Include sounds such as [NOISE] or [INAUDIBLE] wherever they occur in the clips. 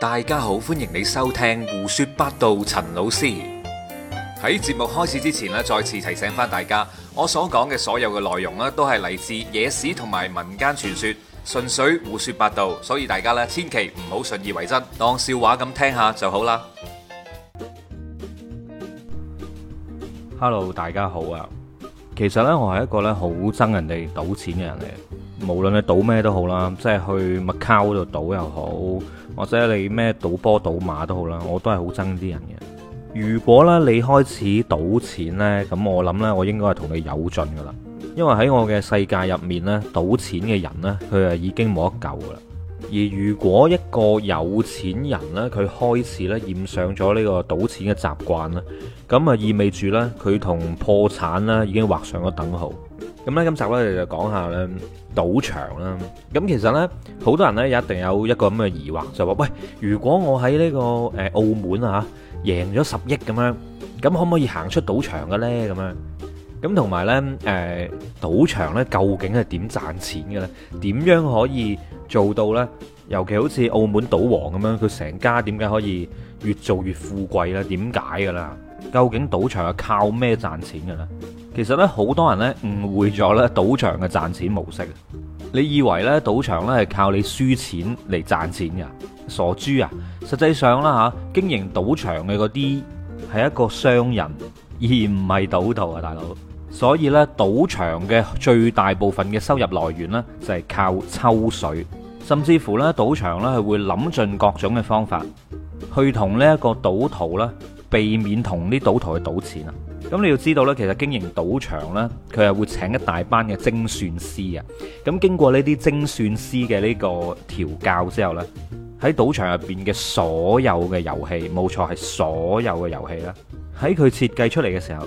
大家好，歡迎你收聽胡說八道。陳老師喺節目開始之前呢再次提醒翻大家，我所講嘅所有嘅內容呢都係嚟自野史同埋民間傳說，純粹胡說八道，所以大家呢千祈唔好信以為真，當笑話咁聽下就好啦。Hello，大家好啊！其實呢，我係一個咧好憎人哋賭錢嘅人嚟。無論你賭咩都好啦，即係去麥卡嗰度賭又好，或者你咩賭波賭馬都好啦，我都係好憎啲人嘅。如果咧你開始賭錢呢，咁我諗呢，我應該係同你有盡噶啦，因為喺我嘅世界入面呢，賭錢嘅人呢，佢係已經冇得救噶啦。而如果一個有錢人呢，佢開始呢，染上咗呢個賭錢嘅習慣咧，咁啊意味住呢，佢同破產呢，已經畫上咗等號。咁咧，今集咧就講下咧賭場啦。咁其實咧，好多人咧一定有一個咁嘅疑惑，就話喂，如果我喺呢個誒澳門啊贏咗十億咁樣，咁可唔可以行出賭場嘅咧？咁樣，咁同埋咧，誒賭場咧究竟係點賺錢嘅咧？點樣可以做到咧？尤其好似澳門賭王咁樣，佢成家點解可以越做越富貴咧？點解噶啦？究竟賭場係靠咩賺錢嘅咧？其實咧，好多人咧誤會咗咧賭場嘅賺錢模式。你以為咧賭場咧係靠你輸錢嚟賺錢噶？傻豬啊！實際上啦吓，經營賭場嘅嗰啲係一個商人，而唔係賭徒啊，大佬。所以咧，賭場嘅最大部分嘅收入來源咧就係靠抽水，甚至乎咧賭場咧係會諗盡各種嘅方法，去同呢一個賭徒咧避免同啲賭徒去賭錢啊！咁你要知道咧，其實經營賭場呢，佢係會請一大班嘅精算師。咁經過呢啲精算師嘅呢個調教之後呢，喺賭場入邊嘅所有嘅遊戲，冇錯係所有嘅遊戲啦，喺佢設計出嚟嘅時候，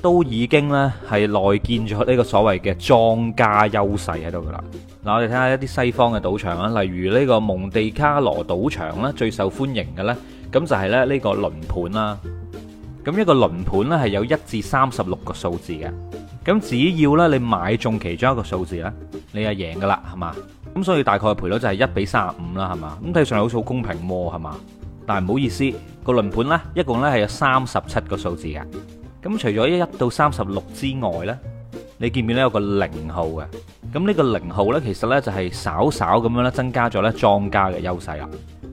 都已經呢係內建咗呢個所謂嘅莊家優勢喺度噶啦。嗱，我哋睇下一啲西方嘅賭場啦，例如呢個蒙地卡羅賭場啦，最受歡迎嘅呢，咁就係咧呢個輪盤啦。咁一個輪盤咧係有一至三十六個數字嘅，咁只要咧你買中其中一個數字咧，你就贏㗎啦，係嘛？咁所以大概賠率就係一比三十五啦，係嘛？咁睇上嚟好似好公平喎，係嘛？但係唔好意思，個輪盤咧，一共咧係有三十七個數字嘅。咁除咗一一到三十六之外咧，你見唔見咧有個零號嘅？咁呢個零號咧，其實咧就係稍稍咁樣咧增加咗咧莊家嘅優勢啦。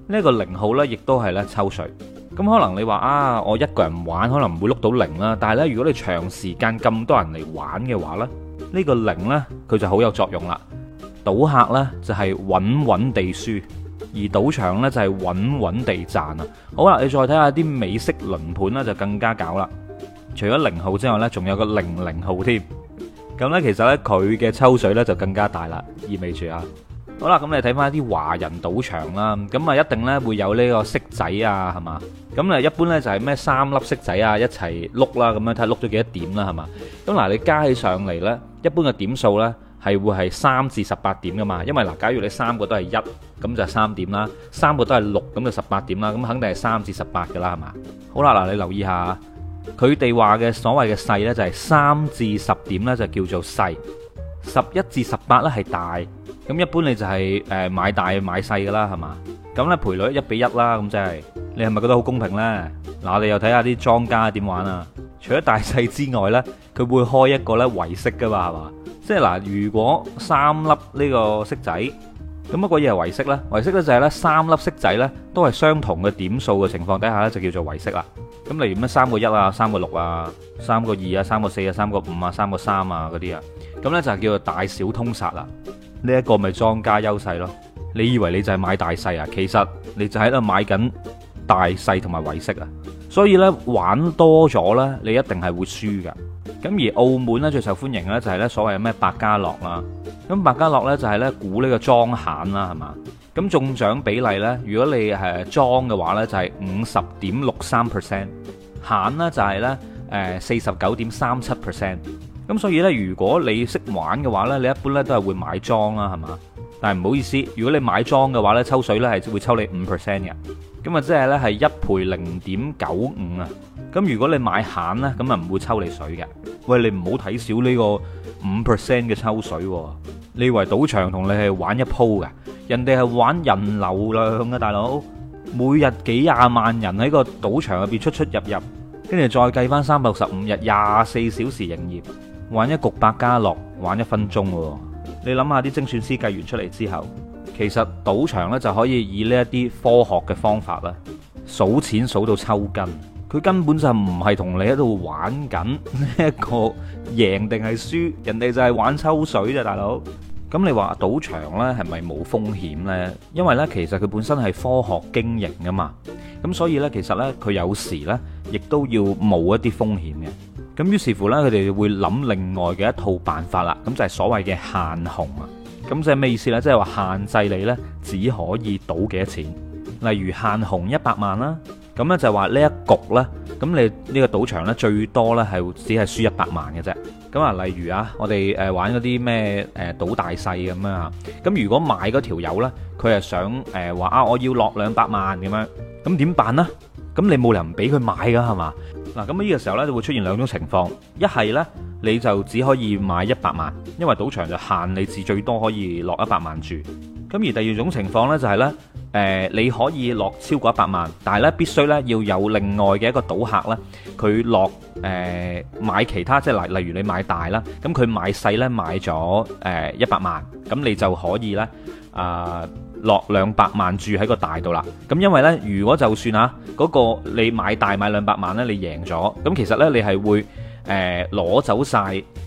呢一個零號咧，亦都係咧抽水。咁可能你話啊，我一個人玩可能唔會碌到零啦，但係咧，如果你長時間咁多人嚟玩嘅話呢呢、呢個零呢，佢就好有作用啦。賭客呢，就係、是、穩穩地輸，而賭場呢，就係、是、穩穩地賺啊。好啦，你再睇下啲美式輪盤呢，就更加搞啦。除咗零號之外呢，仲有個零零號添。咁呢，其實呢，佢嘅抽水呢，就更加大啦，意味住啊！好啦，咁你睇翻啲華人賭場啦，咁啊一定呢會有呢個骰仔啊，係嘛？咁咧一般呢就係咩三粒骰仔啊一齊碌啦，咁樣睇下碌咗幾多點啦，係嘛？咁嗱，你加起上嚟呢，一般嘅點數呢係會係三至十八點噶嘛，因為嗱，假如你三個都係一，咁就三點啦；三個都係六，咁就十八點啦。咁肯定係三至十八㗎啦，係嘛？好啦，嗱，你留意下，佢哋話嘅所謂嘅細呢，就係三至十點呢，就叫做細，十一至十八呢係大。咁一般你就係誒買大買細噶啦，係嘛？咁咧賠率一比一啦，咁即係你係咪覺得好公平咧？嗱，我哋又睇下啲莊家點玩啊。除咗大細之外咧，佢會開一個咧圍色噶嘛，係嘛？即係嗱，如果三粒呢個色仔咁，乜鬼嘢係圍色咧，圍色咧就係咧三粒色仔咧都係相同嘅點數嘅情況底下咧就叫做圍色啦。咁例如咩三個一啊，三個六啊，三個二啊，三個四啊，三個五啊，三個三啊嗰啲啊，咁咧就叫做大小通殺啦。呢一個咪莊家優勢咯，你以為你就係買大細啊？其實你就喺度買緊大細同埋尾息啊！所以呢，玩多咗呢，你一定係會輸噶。咁而澳門呢，最受歡迎呢就係呢所謂咩百家樂啦。咁百家樂呢，就係呢估呢個莊閒啦，係嘛？咁中獎比例呢，如果你係莊嘅話呢，就係五十點六三 percent，閒呢，就係呢誒四十九點三七 percent。咁所以呢，如果你識玩嘅話呢，你一般呢都係會買莊啦，係嘛？但係唔好意思，如果你買莊嘅話呢，抽水呢係會抽你五 percent 嘅，咁啊即係呢係一賠零點九五啊。咁如果你買閒呢，咁啊唔會抽你水嘅。喂，你唔好睇少呢個五 percent 嘅抽水喎，啊。你以為賭場同你係玩一鋪㗎。人哋係玩人流量嘅，大佬每日幾廿萬人喺個賭場入邊出出入入，跟住再計翻三百六十五日廿四小時營業。玩一局百家樂，玩一分鐘喎。你諗下啲精算師計完出嚟之後，其實賭場咧就可以以呢一啲科學嘅方法咧，數錢數到抽筋。佢根本就唔係同你喺度玩緊呢一個贏定係輸，人哋就係玩抽水啫，大佬。咁你話賭場咧係咪冇風險咧？因為咧其實佢本身係科學經營㗎嘛，咁所以咧其實咧佢有時咧亦都要冒一啲風險嘅。咁於是乎呢，佢哋會諗另外嘅一套辦法啦。咁就係所謂嘅限紅啊。咁即係咩意思呢？即係話限制你呢，只可以賭幾多錢。例如限紅一百萬啦。咁呢，就話呢一局呢，咁你呢個賭場呢，最多呢係只係輸一百萬嘅啫。咁啊，例如啊，我哋誒玩嗰啲咩誒賭大細咁啊。咁如果買嗰條友呢，佢係想誒話啊，我要落兩百萬咁樣，咁點辦呢？咁你冇理由唔俾佢買噶係嘛？嗱，咁呢個時候咧就會出現兩種情況，一係咧你就只可以買一百萬，因為賭場就限你至最多可以落一百萬注。咁而第二種情況咧就係咧，誒你可以落超過一百萬，但係咧必須咧要有另外嘅一個賭客啦，佢落誒買其他，即係例例如你買大啦，咁佢買細咧買咗誒一百萬，咁你就可以咧啊。落兩百萬住喺個大度啦，咁因為呢，如果就算啊嗰個你買大買兩百萬呢，你贏咗，咁其實呢，你係會誒攞、呃、走晒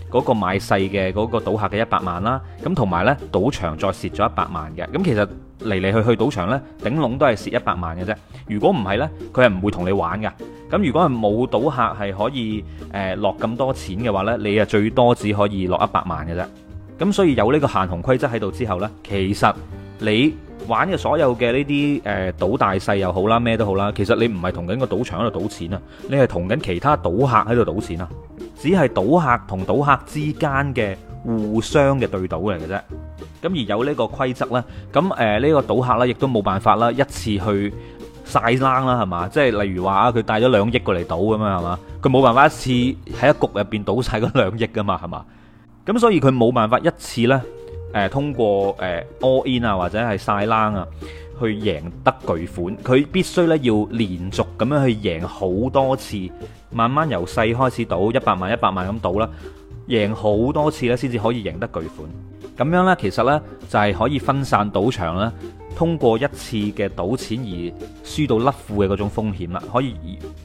嗰個買細嘅嗰個賭客嘅一百萬啦，咁同埋呢，賭場再蝕咗一百萬嘅，咁其實嚟嚟去去賭場呢，頂籠都係蝕一百萬嘅啫。如果唔係呢，佢係唔會同你玩㗎。咁如果係冇賭客係可以誒落咁多錢嘅話呢，你啊最多只可以落一百萬嘅啫。咁所以有呢個限紅規則喺度之後呢，其實。你玩嘅所有嘅呢啲誒賭大細又好啦，咩都好啦，其實你唔係同緊個賭場喺度賭錢啊，你係同緊其他賭客喺度賭錢啊，只係賭客同賭客之間嘅互相嘅對賭嚟嘅啫。咁而有呢個規則呢，咁誒呢個賭客呢亦都冇辦法啦，一次去晒冷啦，係嘛？即係例如話佢帶咗兩億過嚟賭咁嘛，係嘛？佢冇辦法一次喺一局入面賭晒個兩億噶嘛，係嘛？咁所以佢冇辦法一次呢。誒通過誒 all in 啊或者係晒冷啊，去贏得巨款，佢必須呢要連續咁樣去贏好多次，慢慢由細開始賭一百萬一百萬咁賭啦，贏好多次呢先至可以贏得巨款。咁樣呢，其實呢，就係可以分散賭場啦。通過一次嘅賭錢而輸到甩褲嘅嗰種風險啦，可以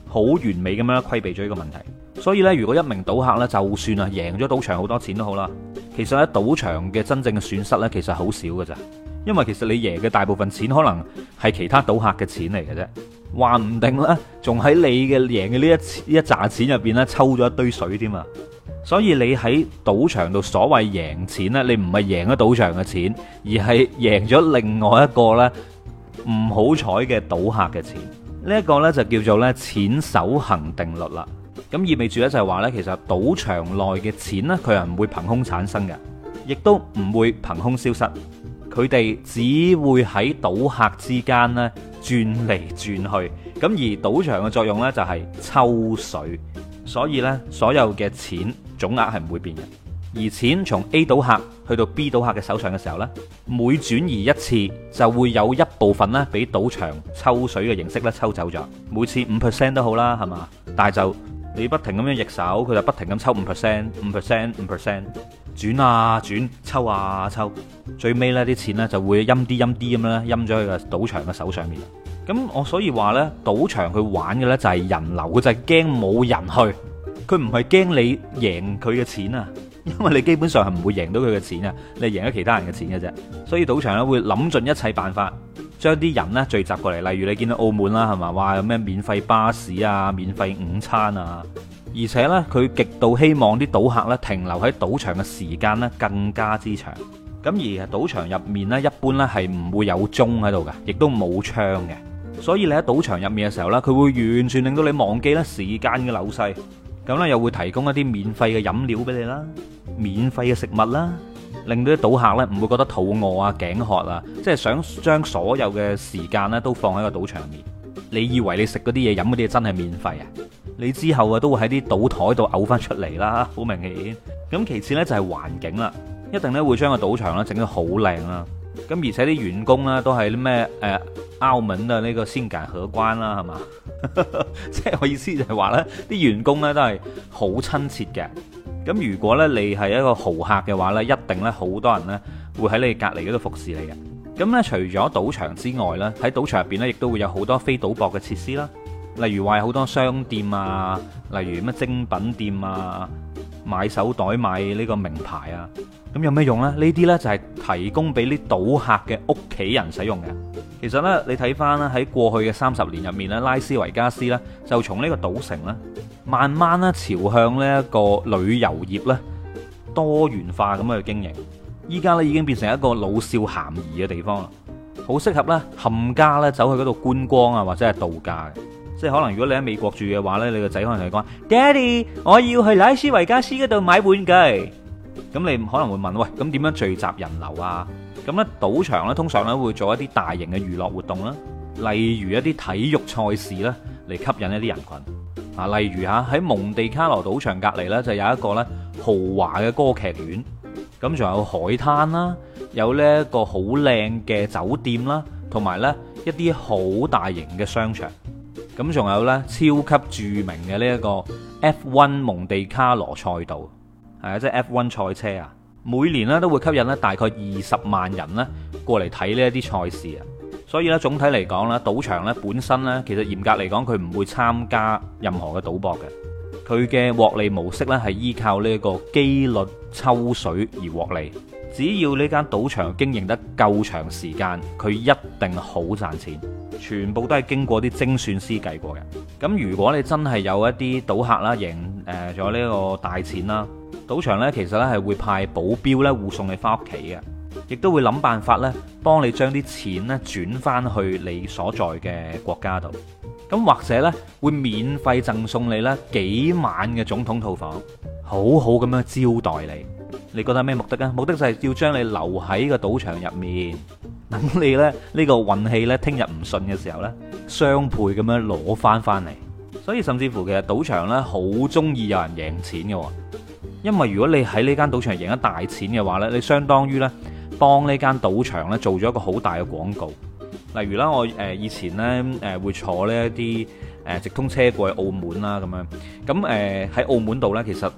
好完美咁樣規避咗呢個問題。所以呢，如果一名賭客呢，就算啊贏咗賭場好多錢都好啦，其實呢，賭場嘅真正嘅損失呢，其實好少㗎咋，因為其實你贏嘅大部分錢可能係其他賭客嘅錢嚟嘅啫，話唔定呢，仲喺你嘅贏嘅呢一呢一紮錢入邊呢，抽咗一堆水添啊！所以你喺賭場度所謂贏錢咧，你唔係贏咗賭場嘅錢，而係贏咗另外一個咧唔好彩嘅賭客嘅錢。呢一個呢就叫做咧錢守恆定律啦。咁意味住呢就係話呢其實賭場內嘅錢咧，佢係唔會憑空產生嘅，亦都唔會憑空消失。佢哋只會喺賭客之間咧轉嚟轉去。咁而賭場嘅作用呢，就係抽水。所以呢，所有嘅錢總額係唔會變嘅。而錢從 A 賭客去到 B 賭客嘅手上嘅時候呢，每轉移一次就會有一部分呢，俾賭場抽水嘅形式咧抽走咗。每次五 percent 都好啦，係嘛？但係就你不停咁樣逆手，佢就不停咁抽五 percent、五 percent、五 percent，轉啊轉，抽啊抽，最尾呢啲錢呢，錢就會陰啲陰啲咁樣咧，陰咗去個賭場嘅手上面。咁我所以話呢，賭場佢玩嘅呢就係人流，佢就係驚冇人去，佢唔係驚你贏佢嘅錢啊，因為你基本上係唔會贏到佢嘅錢啊，你係贏咗其他人嘅錢嘅啫。所以賭場咧會諗盡一切辦法將啲人呢聚集過嚟，例如你見到澳門啦，係咪話有咩免費巴士啊、免費午餐啊，而且呢，佢極度希望啲賭客呢停留喺賭場嘅時間呢更加之長。咁而賭場入面呢，一般呢係唔會有鐘喺度嘅，亦都冇窗嘅。所以你喺賭場入面嘅時候呢，佢會完全令到你忘記咧時間嘅流逝，咁咧又會提供一啲免費嘅飲料俾你啦，免費嘅食物啦，令到啲賭客呢唔會覺得肚餓啊、頸渴啊，即係想將所有嘅時間呢都放喺個賭場入面。你以為你食嗰啲嘢、飲嗰啲嘢真係免費啊？你之後啊都會喺啲賭台度嘔翻出嚟啦，好明顯。咁其次呢，就係環境啦，一定咧會將個賭場咧整到好靚啦。咁而且啲員工咧都係啲咩誒，澳門啊呢個先夾可關啦，係嘛？即 [LAUGHS] 係我意思就係話呢啲員工呢都係好親切嘅。咁如果呢你係一個豪客嘅話呢，一定呢好多人呢會喺你隔離嗰度服侍你嘅。咁呢除咗賭場之外呢，喺賭場入邊呢亦都會有好多非賭博嘅設施啦，例如話有好多商店啊，例如咩精品店啊，買手袋買呢個名牌啊。咁有咩用呢？呢啲呢就係提供俾啲賭客嘅屋企人使用嘅。其實呢，你睇翻咧喺過去嘅三十年入面咧，拉斯維加斯咧就從呢個賭城咧，慢慢咧朝向呢一個旅遊業咧多元化咁樣去經營。依家咧已經變成一個老少咸宜嘅地方啦，好適合咧，冚家咧走去嗰度觀光啊，或者係度假嘅。即係可能如果你喺美國住嘅話呢，你個仔可能就講：Daddy，我要去拉斯維加斯嗰度買玩具。咁你可能會問喂，咁點樣聚集人流啊？咁呢，賭場呢通常呢會做一啲大型嘅娛樂活動啦，例如一啲體育賽事啦，嚟吸引一啲人群。啊，例如嚇喺蒙地卡羅賭場隔離呢，就有一個呢豪華嘅歌劇院，咁仲有海灘啦，有呢一個好靚嘅酒店啦，同埋呢一啲好大型嘅商場，咁仲有呢，超級著名嘅呢一個 F1 蒙地卡羅賽道。誒，即係 F1 賽車啊，每年咧都會吸引咧大概二十萬人呢過嚟睇呢一啲賽事啊。所以咧總體嚟講呢賭場呢本身呢其實嚴格嚟講，佢唔會參加任何嘅賭博嘅。佢嘅獲利模式呢係依靠呢一個機率抽水而獲利。只要呢間賭場經營得夠長時間，佢一定好賺錢。全部都係經過啲精算師計過嘅。咁如果你真係有一啲賭客啦贏誒，咗呢個大錢啦。賭場咧，其實咧係會派保鏢咧護送你翻屋企嘅，亦都會諗辦法咧幫你將啲錢咧轉翻去你所在嘅國家度。咁或者咧會免費贈送你咧幾晚嘅總統套房，好好咁樣招待你。你覺得咩目的啊？目的就係要將你留喺個賭場入面，等你咧呢個運氣咧聽日唔順嘅時候咧，雙倍咁樣攞翻翻嚟。所以甚至乎其實賭場咧好中意有人贏錢嘅。因為如果你喺呢間賭場贏咗大錢嘅話呢，你相當於呢幫呢間賭場咧做咗一個好大嘅廣告。例如啦，我誒以前呢誒會坐呢一啲誒直通車過去澳門啦咁樣，咁誒喺澳門度呢，其實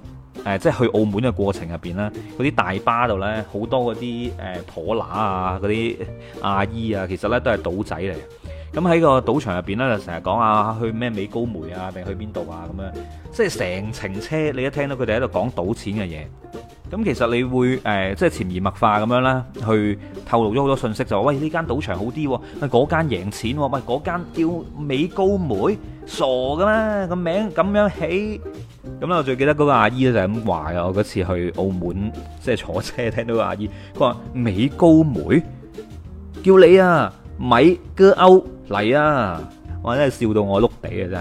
誒即係去澳門嘅過程入邊呢，嗰啲大巴度呢，好多嗰啲誒婆乸啊、嗰啲阿姨啊，其實呢都係賭仔嚟。咁喺個賭場入邊咧，就成日講啊去咩美高梅啊，定去邊度啊咁樣，即係成程車你一聽到佢哋喺度講賭錢嘅嘢，咁其實你會誒即係潛移默化咁樣啦，去透露咗好多信息，就話喂，呢間賭場好啲，喂，嗰間贏錢，喂，嗰間叫美高梅，傻噶嘛個名咁樣起，咁啦我最記得嗰個阿姨就係咁話啊，我嗰次去澳門即係坐車聽到個阿姨，佢話美高梅叫你啊米哥歐。嚟啊！我真係笑到我碌地嘅啫。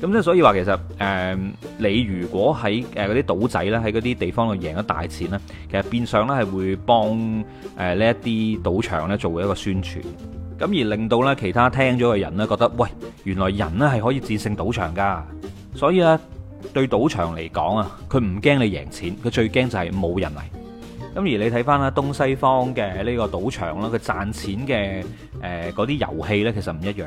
咁即係所以話其實誒、呃，你如果喺誒嗰啲賭仔咧，喺嗰啲地方度贏咗大錢咧，其實變相咧係會幫誒呢一啲賭場咧做一個宣傳，咁而令到咧其他聽咗嘅人咧覺得，喂，原來人咧係可以戰勝賭場㗎，所以咧對賭場嚟講啊，佢唔驚你贏錢，佢最驚就係冇人嚟。咁而你睇翻啦，東西方嘅呢個賭場啦，佢賺錢嘅嗰啲遊戲呢，呃、其實唔一樣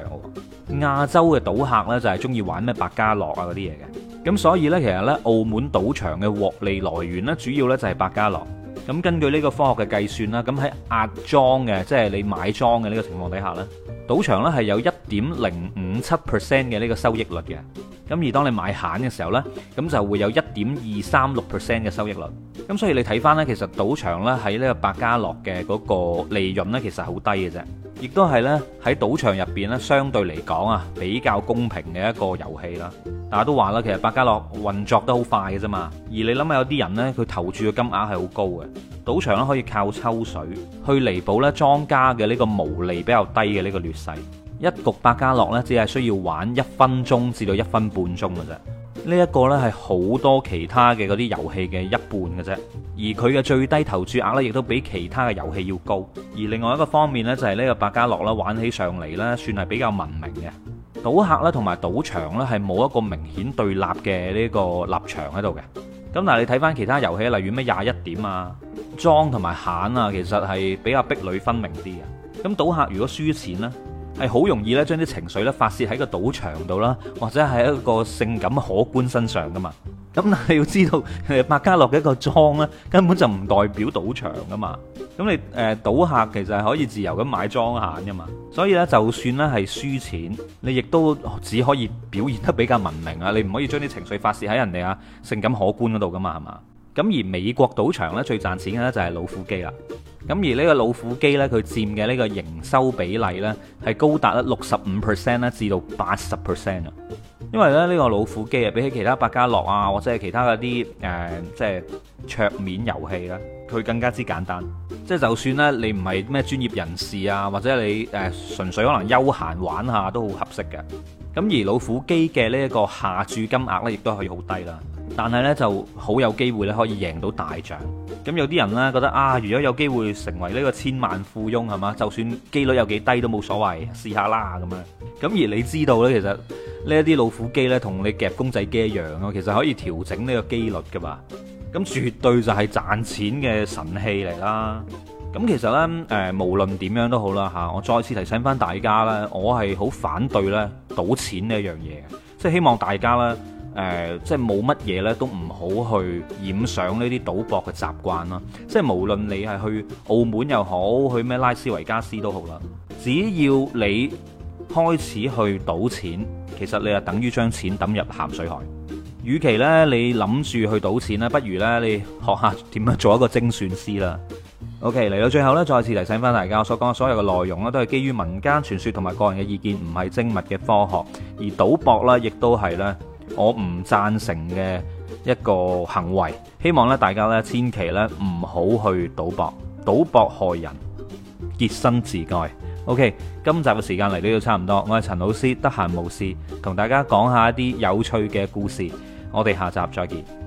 喎。亞洲嘅賭客呢，就係中意玩咩百家樂啊嗰啲嘢嘅。咁所以呢，其實呢，澳門賭場嘅獲利來源呢，主要呢就係百家樂。咁根據呢個科學嘅計算啦，咁喺壓莊嘅，即係你買莊嘅呢個情況底下呢，賭場呢係有一點零五七 percent 嘅呢個收益率嘅。咁而當你買閒嘅時候呢，咁就會有一點二三六 percent 嘅收益率。咁所以你睇翻呢，其實賭場呢喺呢個百家樂嘅嗰個利潤呢，其實好低嘅啫，亦都係呢，喺賭場入邊呢，相對嚟講啊，比較公平嘅一個遊戲啦。大家都話啦，其實百家樂運作得好快嘅啫嘛。而你諗下有啲人呢，佢投注嘅金額係好高嘅，賭場咧可以靠抽水去彌補呢莊家嘅呢個毛利比較低嘅呢個劣勢。一局百家樂呢，只係需要玩一分鐘至到一分半鐘嘅啫。呢一個咧係好多其他嘅嗰啲遊戲嘅一半嘅啫，而佢嘅最低投注額呢，亦都比其他嘅遊戲要高。而另外一個方面呢，就係呢個百家樂啦，玩起上嚟呢算係比較文明嘅。賭客呢同埋賭場呢係冇一個明顯對立嘅呢個立場喺度嘅。咁嗱，你睇翻其他遊戲，例如咩廿一點啊、莊同埋閒啊，其實係比較壁壘分明啲嘅。咁賭客如果輸錢呢？係好容易咧，將啲情緒咧發泄喺個賭場度啦，或者係一個性感可觀身上噶嘛。咁你要知道，百家樂嘅一個莊咧，根本就唔代表賭場噶嘛。咁你誒賭客其實係可以自由咁買莊閒噶嘛。所以咧，就算咧係輸錢，你亦都只可以表現得比較文明啊。你唔可以將啲情緒發泄喺人哋啊，性感可觀嗰度噶嘛，係嘛？咁而美國賭場咧最賺錢嘅咧就係老虎機啦。咁而呢個老虎機呢，佢佔嘅呢個營收比例呢，係高達咧六十五 percent 啦，至到八十 percent 啊。因為咧呢個老虎機啊，比起其他百家樂啊，或者係其他嗰啲、呃、即係桌面遊戲咧，佢更加之簡單。即係就算呢，你唔係咩專業人士啊，或者你誒純粹可能休閒玩下都好合適嘅。咁而老虎機嘅呢一個下注金額呢，亦都可以好低啦。但係呢就好有機會咧可以贏到大獎，咁有啲人呢覺得啊，如果有機會成為呢個千萬富翁係嘛，就算機率有幾低都冇所謂，試下啦咁樣。咁而你知道呢，其實呢啲老虎機呢同你夾公仔機一樣咯，其實可以調整呢個機率㗎嘛。咁絕對就係賺錢嘅神器嚟啦。咁其實呢，誒，無論點樣都好啦吓，我再次提醒返大家啦，我係好反對呢賭錢呢一樣嘢，即係希望大家咧。誒、呃，即係冇乜嘢呢都唔好去染上呢啲賭博嘅習慣啦。即係無論你係去澳門又好，去咩拉斯維加斯都好啦。只要你開始去賭錢，其實你就等於將錢抌入鹹水海。與其呢，你諗住去賭錢呢，不如呢，你學下點樣做一個精算師啦。OK，嚟到最後呢，再次提醒翻大家，我所講所有嘅內容呢都係基於民間傳說同埋個人嘅意見，唔係精密嘅科學。而賭博呢，亦都係呢。我唔贊成嘅一個行為，希望咧大家咧千祈咧唔好去賭博，賭博害人，潔身自愛。OK，今集嘅時間嚟到,都差唔多，我係陳老師，得閒無事同大家講下一啲有趣嘅故事，我哋下集再見。